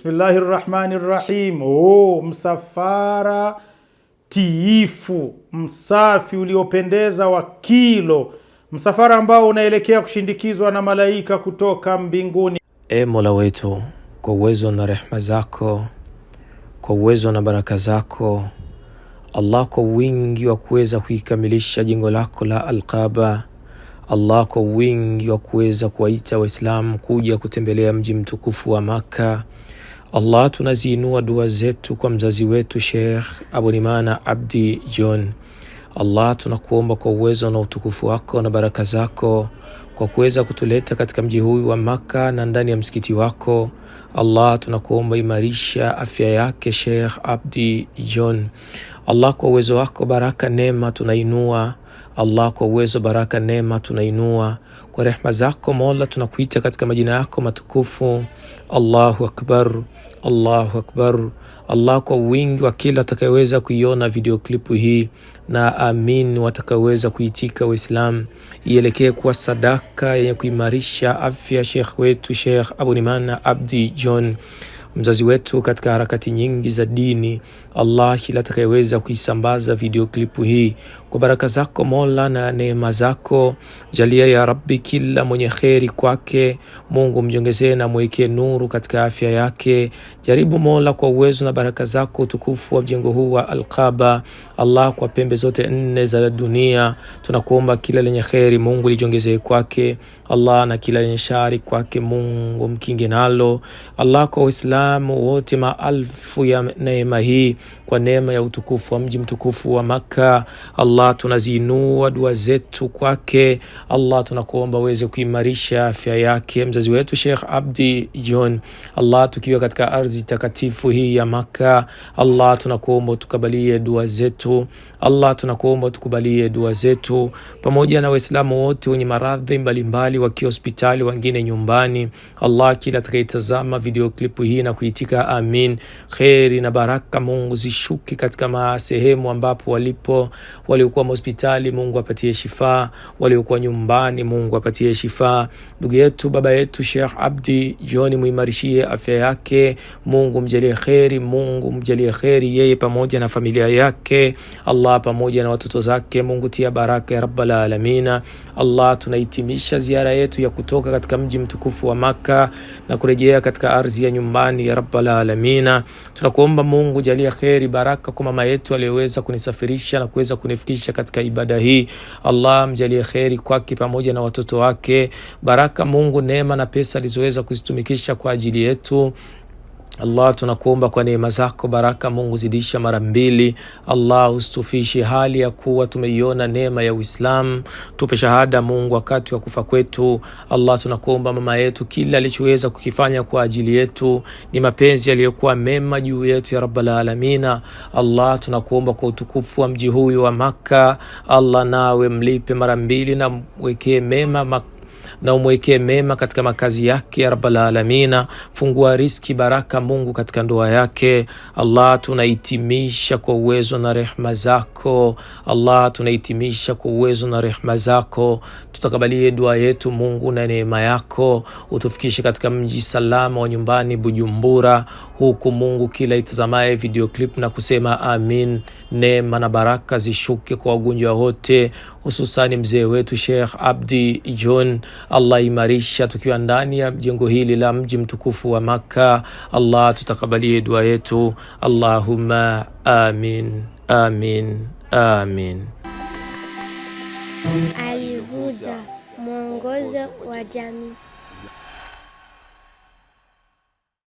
Bismillahi rahmani rahim. Oh, msafara tiifu msafi uliopendeza wa kilo, msafara ambao unaelekea kushindikizwa na malaika kutoka mbinguni. E Mola wetu, kwa uwezo na rehma zako, kwa uwezo na baraka zako Allah, kwa wingi wa kuweza kuikamilisha jengo lako la Alqaba Allah, kwa wingi wa kuweza kuwaita Waislamu kuja kutembelea mji mtukufu wa Makka Allah, tunaziinua dua zetu kwa mzazi wetu Sheikh Abunimana Abdi John. Allah, tunakuomba kwa uwezo na utukufu wako na baraka zako kwa kuweza kutuleta katika mji huu wa Makka na ndani ya msikiti wako. Allah, tunakuomba imarisha afya yake Sheikh Abdi John. Allah, kwa uwezo wako, baraka, neema, tunainua Allah, kwa uwezo, baraka, neema tunainua kwa rehma zako Mola, tunakuita katika majina yako matukufu. Allahu akbar, Allahu akbar. Allah, kwa wingi wa kila atakayeweza kuiona video klipu hii na amin watakaweza kuitika, Waislam ielekee kuwa sadaka yenye kuimarisha afya Sheikh wetu Sheikh Abunimana Abdi John mzazi wetu katika harakati nyingi za dini. Allah kila atakayeweza kuisambaza video klipu hii kwa baraka zako Mola na neema zako jalia ya Rabbi, kila mwenye kheri kwake Mungu mjongezee na mwekee nuru katika afya yake. Jaribu Mola kwa uwezo na baraka zako utukufu wa mjengo huu wa Alqaba. Allah, kwa pembe zote nne za dunia tunakuomba kila lenye kheri Mungu lijongezee kwake Allah, na kila lenye shari kwake Mungu mkinge nalo Allah kwa Uislamu Waislamu wote maalfu ya neema hii kwa neema ya utukufu wa mji mtukufu wa Makka. Allah, tunaziinua dua zetu kwake. Allah, tunakuomba uweze kuimarisha afya yake mzazi wetu Sheikh Abdi John. Allah, tukiwa katika ardhi takatifu hii ya Makka, Allah, tunakuomba tukabalie dua zetu. Allah, tunakuomba utukubalie dua zetu pamoja na Waislamu wote wenye maradhi mbalimbali wakiwa hospitali, wengine nyumbani. Allah, kila atakayetazama video hii na na kuitika amin. Kheri na baraka Mungu zishuke katika masehemu ambapo walipo waliokuwa hospitali, Mungu apatie shifaa, waliokuwa nyumbani, Mungu apatie shifaa. Ndugu yetu baba yetu Sheikh Abdi John, muimarishie afya yake, Mungu mjalie kheri, Mungu mjalie kheri yeye pamoja na familia yake, Allah pamoja na watoto zake, Mungu tia baraka ya rabbal alamina. Allah, tunahitimisha ziara yetu ya kutoka katika mji mtukufu wa Maka na kurejea katika ardhi ya nyumbani amani ya rabbal alamina. Tunakuomba Mungu jalia kheri, baraka kwa mama yetu aliyeweza kunisafirisha na kuweza kunifikisha katika ibada hii. Allah mjalie kheri kwake pamoja na watoto wake, baraka Mungu, neema na pesa alizoweza kuzitumikisha kwa ajili yetu Allah, tunakuomba kwa neema zako baraka, Mungu zidisha mara mbili. Allah, usitufishe hali ya kuwa tumeiona neema ya Uislamu. Tupe shahada Mungu wakati wa kufa kwetu. Allah, tunakuomba mama yetu, kila alichoweza kukifanya kwa ajili yetu ni mapenzi yaliyokuwa mema juu yetu, ya rabbal alamina. Allah, tunakuomba kwa utukufu wa mji huyu wa Makka, Allah nawe mlipe mara mbili na mwekee mema Makka na umwekee mema katika makazi yake ya rabbal alamina. Fungua riski baraka Mungu katika ndoa yake. Allah, tunahitimisha kwa uwezo na rehma zako. Allah, tunahitimisha kwa uwezo na rehma zako. Tutakabalie dua yetu Mungu na neema yako, utufikishe katika mji salama wa nyumbani Bujumbura, huku Mungu kila itazamaye video clip na kusema amin. Neema na baraka zishuke kwa wagonjwa wote, hususani mzee wetu Sheikh Abdi John Allah imarisha tukiwa ndani ya jengo hili la mji mtukufu wa Makka. Allah tutakabalie dua yetu, Allahumma amin amin amin. Alhuda, mwongozo wa jamii.